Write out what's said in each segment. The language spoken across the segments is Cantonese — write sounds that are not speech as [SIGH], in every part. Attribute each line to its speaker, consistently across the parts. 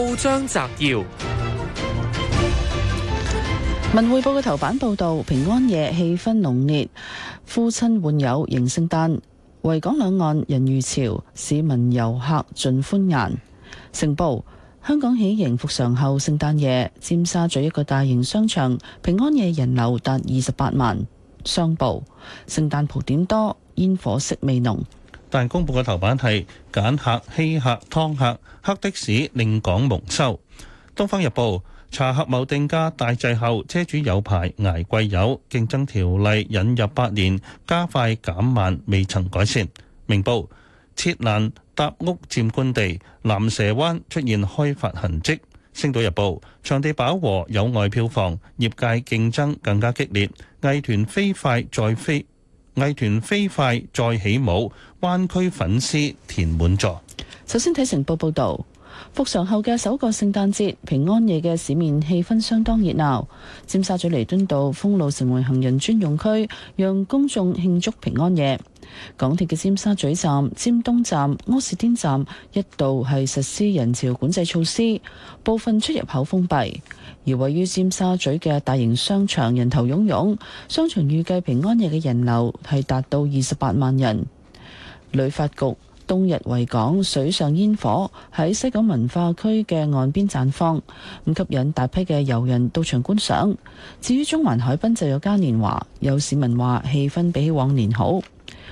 Speaker 1: 報章摘要：《文匯報》嘅頭版報道，平安夜氣氛濃烈，親朋好友迎聖誕，維港兩岸人如潮，市民遊客盡歡顏。成報：香港喜迎復常後，聖誕夜尖沙咀一個大型商場平安夜人流達二十八萬。商報：聖誕蒲點多，煙火色味濃。
Speaker 2: 但公佈嘅頭版係揀客欺客劏客，黑的士令港蒙羞。《東方日報》查核謀定價大制後，車主有排挨貴油。競爭條例引入八年，加快減慢未曾改善。《明報》設難搭屋佔官地，藍蛇灣出現開發痕跡。《星島日報》場地飽和有礙票房，業界競爭更加激烈，藝團飛快再飛。藝團飛快再起舞，灣區粉絲填滿座。
Speaker 1: 首先睇成報報道，復常後嘅首個聖誕節平安夜嘅市面氣氛相當熱鬧。尖沙咀彌敦道封路成為行人專用區，讓公眾慶祝平安夜。港鐵嘅尖沙咀站、尖東站、柯士甸站一度係實施人潮管制措施，部分出入口封閉。而位於尖沙咀嘅大型商場人頭涌涌，商場預計平安夜嘅人流係達到二十八萬人。旅發局冬日維港水上煙火喺西港文化區嘅岸邊綻放，咁吸引大批嘅遊人到場觀賞。至於中環海濱就有嘉年華，有市民話氣氛比起往年好。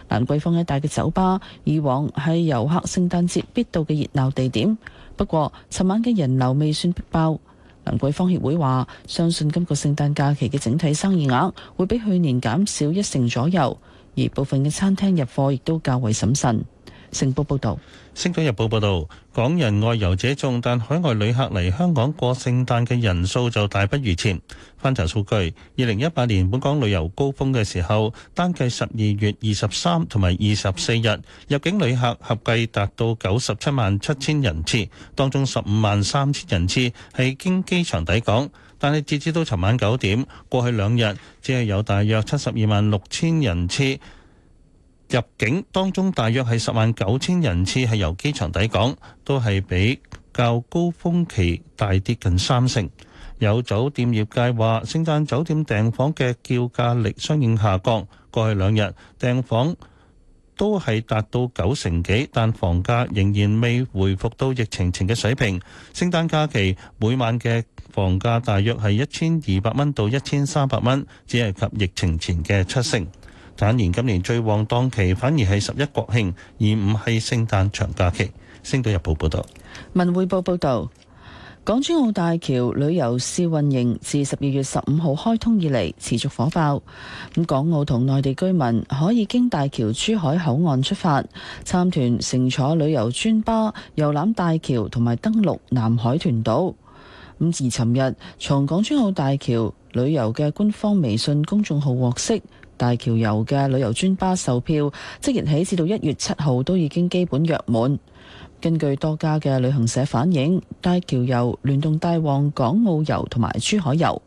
Speaker 1: 蘭桂坊一帶嘅酒吧以往係遊客聖誕節必到嘅熱鬧地點，不過尋晚嘅人流未算逼爆。蘭桂坊協會話，相信今個聖誕假期嘅整體生意額會比去年減少一成左右，而部分嘅餐廳入貨亦都較為審慎。成報報導，
Speaker 2: 《星島日報》報道：港人外遊者眾，但海外旅客嚟香港過聖誕嘅人數就大不如前。翻查數據，二零一八年本港旅遊高峰嘅時候，單計十二月二十三同埋二十四日入境旅客合計達到九十七萬七千人次，當中十五萬三千人次係經機場抵港，但係截至到尋晚九點，過去兩日只係有大約七十二萬六千人次。入境當中，大約係十萬九千人次係由機場抵港，都係比較高峰期大跌近三成。有酒店業界話，聖誕酒店訂房嘅叫價力相應下降。過去兩日訂房都係達到九成幾，但房價仍然未回復到疫情前嘅水平。聖誕假期每晚嘅房價大約係一千二百蚊到一千三百蚊，只係及疫情前嘅七成。坦言今年最旺檔期反而係十一國慶，而唔係聖誕長假期。星島日報報道。
Speaker 1: 文匯報報道，港珠澳大橋旅遊試運營自十二月十五號開通以嚟，持續火爆。咁，港澳同內地居民可以經大橋珠海口岸出發，參團乘坐旅遊專巴遊覽大橋同埋登陸南海豚島。咁而尋日從港珠澳大橋旅遊嘅官方微信公眾號獲悉。大橋遊嘅旅遊專巴售票，即日起至到一月七號都已經基本約滿。根據多家嘅旅行社反映，大橋遊聯動帶旺港澳遊同埋珠海遊，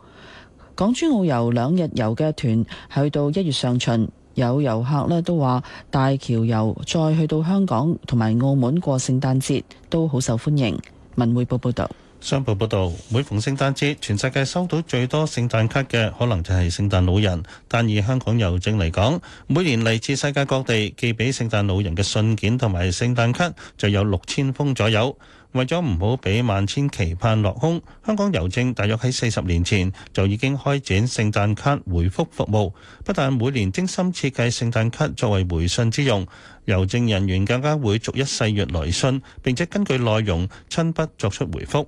Speaker 1: 港珠澳遊兩日遊嘅團係去到一月上旬，有遊客呢都話大橋遊再去到香港同埋澳門過聖誕節都好受歡迎。文匯報報道。
Speaker 2: 商報報導，每逢聖誕節，全世界收到最多聖誕卡嘅可能就係聖誕老人。但以香港郵政嚟講，每年嚟自世界各地寄俾聖誕老人嘅信件同埋聖誕卡就有六千封左右。為咗唔好俾萬千期盼落空，香港郵政大約喺四十年前就已經開展聖誕卡回覆服務。不但每年精心設計聖誕卡作為回信之用，郵政人員更加會逐一細閱來信，並且根據內容親筆作出回覆。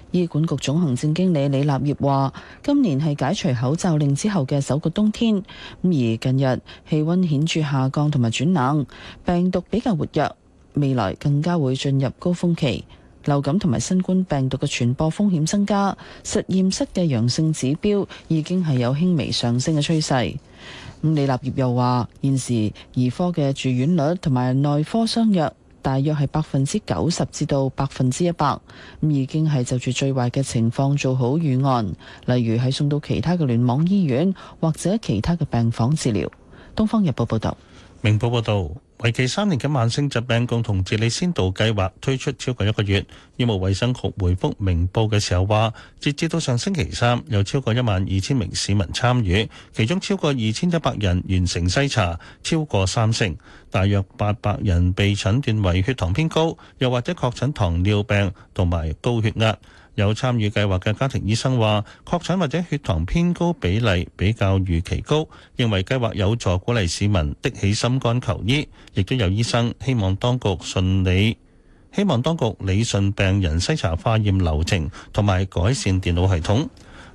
Speaker 1: 醫管局總行政經理李立業話，今年係解除口罩令之後嘅首個冬天，咁而近日氣溫顯著下降同埋轉冷，病毒比較活躍，未來更加會進入高峰期，流感同埋新冠病毒嘅傳播風險增加。實驗室嘅陽性指標已經係有輕微上升嘅趨勢。咁李立業又話，現時兒科嘅住院率同埋內科相約。大約係百分之九十至到百分之一百，咁已經係就住最壞嘅情況做好預案，例如係送到其他嘅聯網醫院或者其他嘅病房治療。《
Speaker 2: 東方日報》報導。明報報道，為期三年嘅慢性疾病共同治理先導計劃推出超過一個月，醫務衛生局回覆明報嘅時候話，截至到上星期三，有超過一萬二千名市民參與，其中超過二千一百人完成篩查，超過三成，大約八百人被診斷為血糖偏高，又或者確診糖尿病同埋高血壓。有參與計劃嘅家庭醫生話：確診或者血糖偏高比例比較預期高，認為計劃有助鼓勵市民的起心肝求醫。亦都有醫生希望當局順理，希望當局理順病人篩查化驗流程同埋改善電腦系統。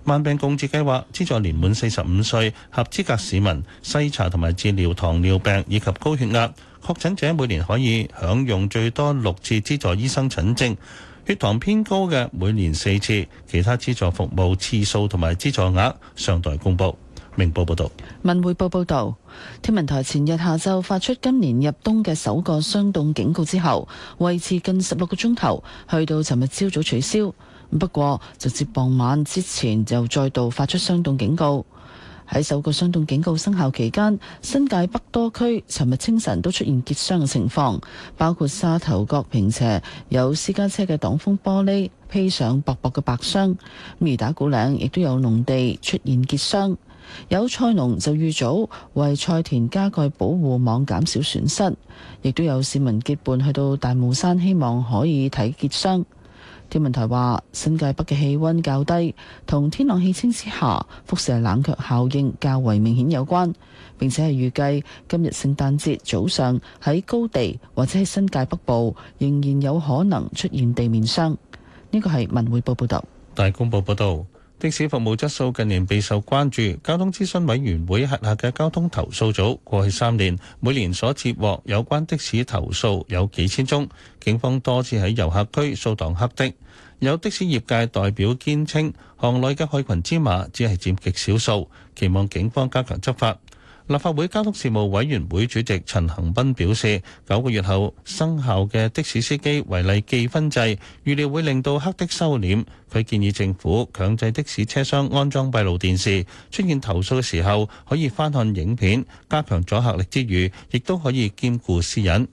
Speaker 2: 慢病共治計劃資助年滿四十五歲合資格市民篩查同埋治療糖尿病以及高血壓，確診者每年可以享用最多六次資助醫生診症。血糖偏高嘅每年四次，其他資助服務次數同埋資助額尚待公布。明報報道，
Speaker 1: 文匯報報道，天文台前日下晝發出今年入冬嘅首個霜凍警告之後，維持近十六個鐘頭，去到尋日朝早取消。不過，直至傍晚之前又再度發出霜凍警告。喺首個霜凍警告生效期間，新界北多區尋日清晨都出現結霜嘅情況，包括沙頭角坪輋有私家車嘅擋風玻璃披上薄薄嘅白霜。咁而打鼓嶺亦都有農地出現結霜，有菜農就預早為菜田加蓋保護網，減少損失。亦都有市民結伴去到大帽山，希望可以睇結霜。天文台話，新界北嘅氣溫較低，同天朗氣清之下輻射冷卻效應較為明顯有關，並且係預計今日聖誕節早上喺高地或者係新界北部仍然有可能出現地面霜。呢個係文匯報報道。
Speaker 2: 大公報報道。的士服務質素近年備受關注，交通諮詢委員會轄下嘅交通投訴組過去三年每年所接獲有關的士投訴有幾千宗，警方多次喺遊客區掃蕩黑的。有的士業界代表堅稱，行內嘅害群之馬只係佔極少數，期望警方加強執法。立法會交通事務委員會主席陳恒斌表示，九個月後生效嘅的，的士司機違例記分制，預料會令到黑的收斂。佢建議政府強制的士車廂安裝閉路電視，出現投訴嘅時候可以翻看影片，加強阻嚇力之餘，亦都可以兼顧私隱。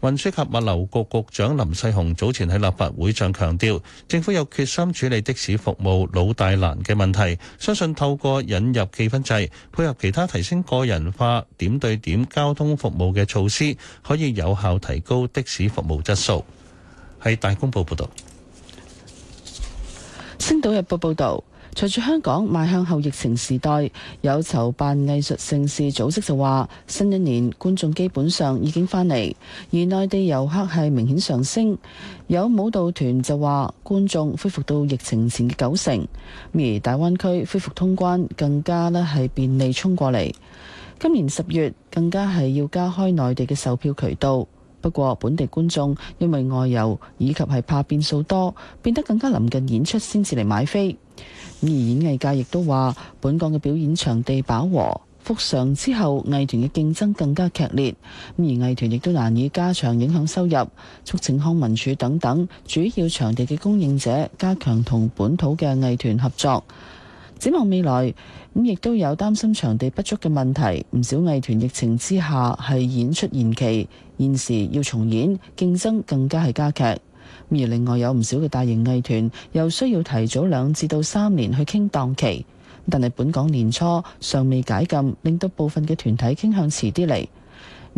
Speaker 2: 運輸及物流局局長林世雄早前喺立法會上強調，政府有決心處理的士服務老大難嘅問題，相信透過引入記分制，配合其他提升個人化點對點交通服務嘅措施，可以有效提高的士服務質素。喺大公報報道，
Speaker 1: 《星島日報》報道。隨住香港邁向後疫情時代，有籌辦藝術盛事組織就話：新一年觀眾基本上已經返嚟，而內地遊客係明顯上升。有舞蹈團就話，觀眾恢復到疫情前嘅九成，而大灣區恢復通關更加咧係便利，衝過嚟。今年十月更加係要加開內地嘅售票渠道。不過，本地觀眾因為外遊以及係怕變數多，變得更加臨近演出先至嚟買飛。而演藝界亦都話，本港嘅表演場地飽和，復常之後，藝團嘅競爭更加劇烈。而藝團亦都難以加場，影響收入。促請康文署等等主要場地嘅供應者加強同本土嘅藝團合作。展望未來，咁亦都有擔心場地不足嘅問題。唔少藝團疫情之下係演出延期，現時要重演，競爭更加係加劇。而另外有唔少嘅大型藝團又需要提早兩至到三年去傾檔期，但係本港年初尚未解禁，令到部分嘅團體傾向遲啲嚟。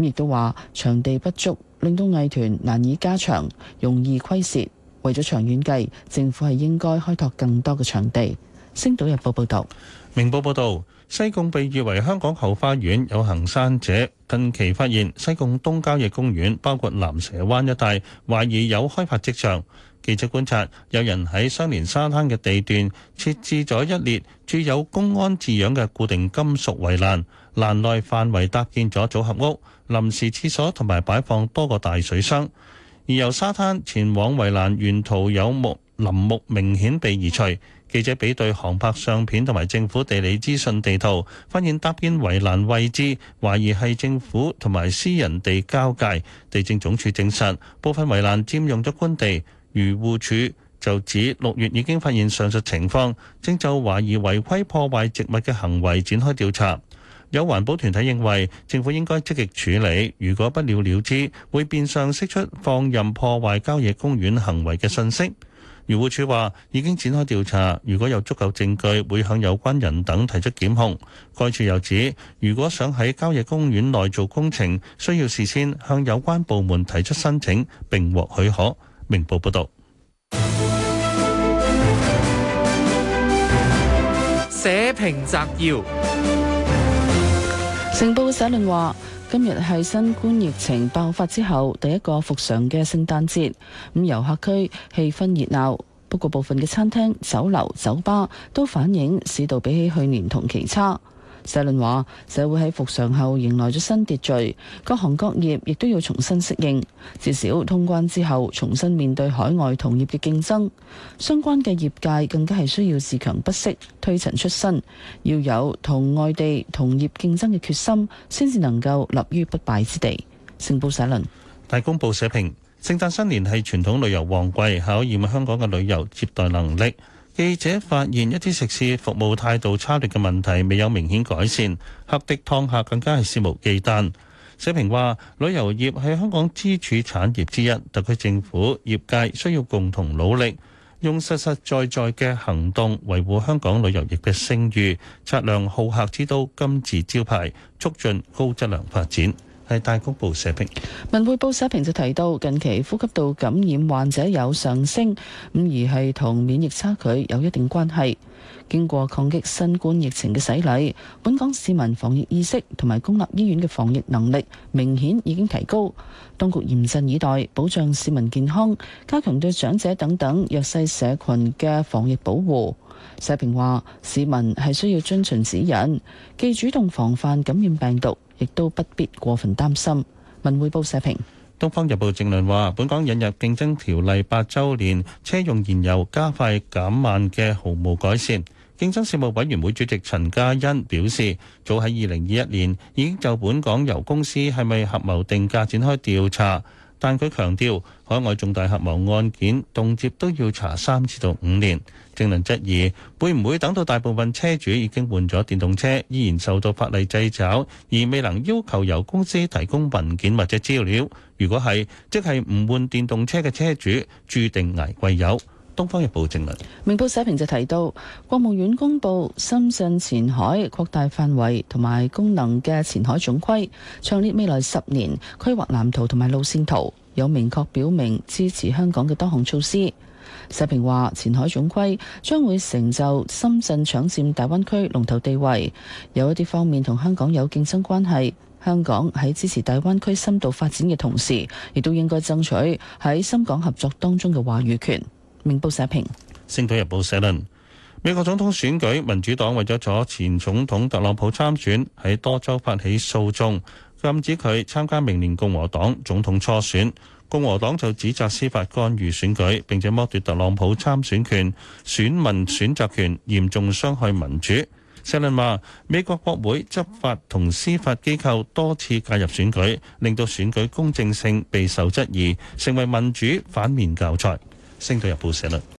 Speaker 1: 亦都話場地不足，令到藝團難以加場，容易虧蝕。為咗長遠計，政府係應該開拓更多嘅場地。星島日報報道，
Speaker 2: 明報報道，西貢被譽為香港後花園，有行山者。近期發現西貢東郊野公園包括南蛇灣一帶，懷疑有開發跡象。記者觀察，有人喺相連沙灘嘅地段設置咗一列註有公安字樣嘅固定金屬圍欄，欄內範圍搭建咗組合屋、臨時廁所同埋擺放多個大水箱。而由沙灘前往圍欄，沿途有木林木明顯被移除。記者比對航拍相片同埋政府地理資訊地圖，發現搭建圍欄位置，懷疑係政府同埋私人地交界。地政總署證實部分圍欄佔用咗官地，漁護署就指六月已經發現上述情況，正就懷疑違規破壞植物嘅行為展開調查。有環保團體認為政府應該積極處理，如果不了了之，會變相釋出放任破壞郊野公園行為嘅信息。漁護署話已經展開調查，如果有足夠證據，會向有關人等提出檢控。該處又指，如果想喺郊野公園內做工程，需要事先向有關部門提出申請，並獲許可。明報報道。社評摘要，
Speaker 1: 成 [MUSIC] 報社論話。今日係新冠疫情爆發之後第一個復常嘅聖誕節，咁遊客區氣氛熱鬧，不過部分嘅餐廳、酒樓、酒吧都反映市道比起去年同期差。社論話：社會喺復常後迎來咗新秩序，各行各業亦都要重新適應。至少通關之後，重新面對海外同業嘅競爭，相關嘅業界更加係需要自強不息、推陳出新，要有同外地同業競爭嘅決心，先至能夠立於不敗之地。成報社論。
Speaker 2: 大公報社評：聖誕新年係傳統旅遊旺季，考驗香港嘅旅遊接待能力。記者發現一啲食肆服務態度差劣嘅問題未有明顯改善，客的劏客更加係肆無忌憚。社評話旅遊業係香港支柱產業之一，特區政府業界需要共同努力，用實實在在嘅行動維護香港旅遊業嘅聲譽，擦亮好客之都金字招牌，促進高質量發展。係大公報社評。
Speaker 1: 文匯報社評就提到，近期呼吸道感染患者有上升，咁而係同免疫差距有一定關係。經過抗擊新冠疫情嘅洗禮，本港市民防疫意識同埋公立醫院嘅防疫能力明顯已經提高。當局嚴陣以待，保障市民健康，加強對長者等等弱勢社群嘅防疫保護。社評話市民係需要遵循指引，既主動防範感染病毒，亦都不必過分擔心。文匯報社評，
Speaker 2: 東方日報正論話：本港引入競爭條例八周年，車用燃油加快減慢嘅毫無改善。競爭事務委員會主席陳嘉欣表示，早喺二零二一年已經就本港油公司係咪合謀定價展開調查。但佢強調，海外重大合謀案件動輒都要查三至五年。政論質疑會唔會等到大部分車主已經換咗電動車，依然受到法例掣肘，而未能要求由公司提供文件或者資料？如果係，即係唔換電動車嘅車主，註定挨貴油。《東方日報證》政
Speaker 1: 論明報社評就提到，國務院公布深圳前海擴大範圍同埋功能嘅前海總規，暢列未來十年規劃藍圖同埋路線圖，有明確表明支持香港嘅多項措施。社評話，前海總規將會成就深圳搶占大灣區龍頭地位，有一啲方面同香港有競爭關係，香港喺支持大灣區深度發展嘅同時，亦都應該爭取喺深港合作當中嘅話語權。明報社評，
Speaker 2: 《星島日報》社論：美國總統選舉，民主黨為咗阻前總統特朗普參選，喺多州發起訴訟，禁止佢參加明年共和黨總統初選。共和黨就指責司法干預選舉，並且剝奪特朗普參選權、選民選擇權，嚴重傷害民主。社論話，美國國會、執法同司法機構多次介入選舉，令到選舉公正性備受質疑，成為民主反面教材。升到入報社啦。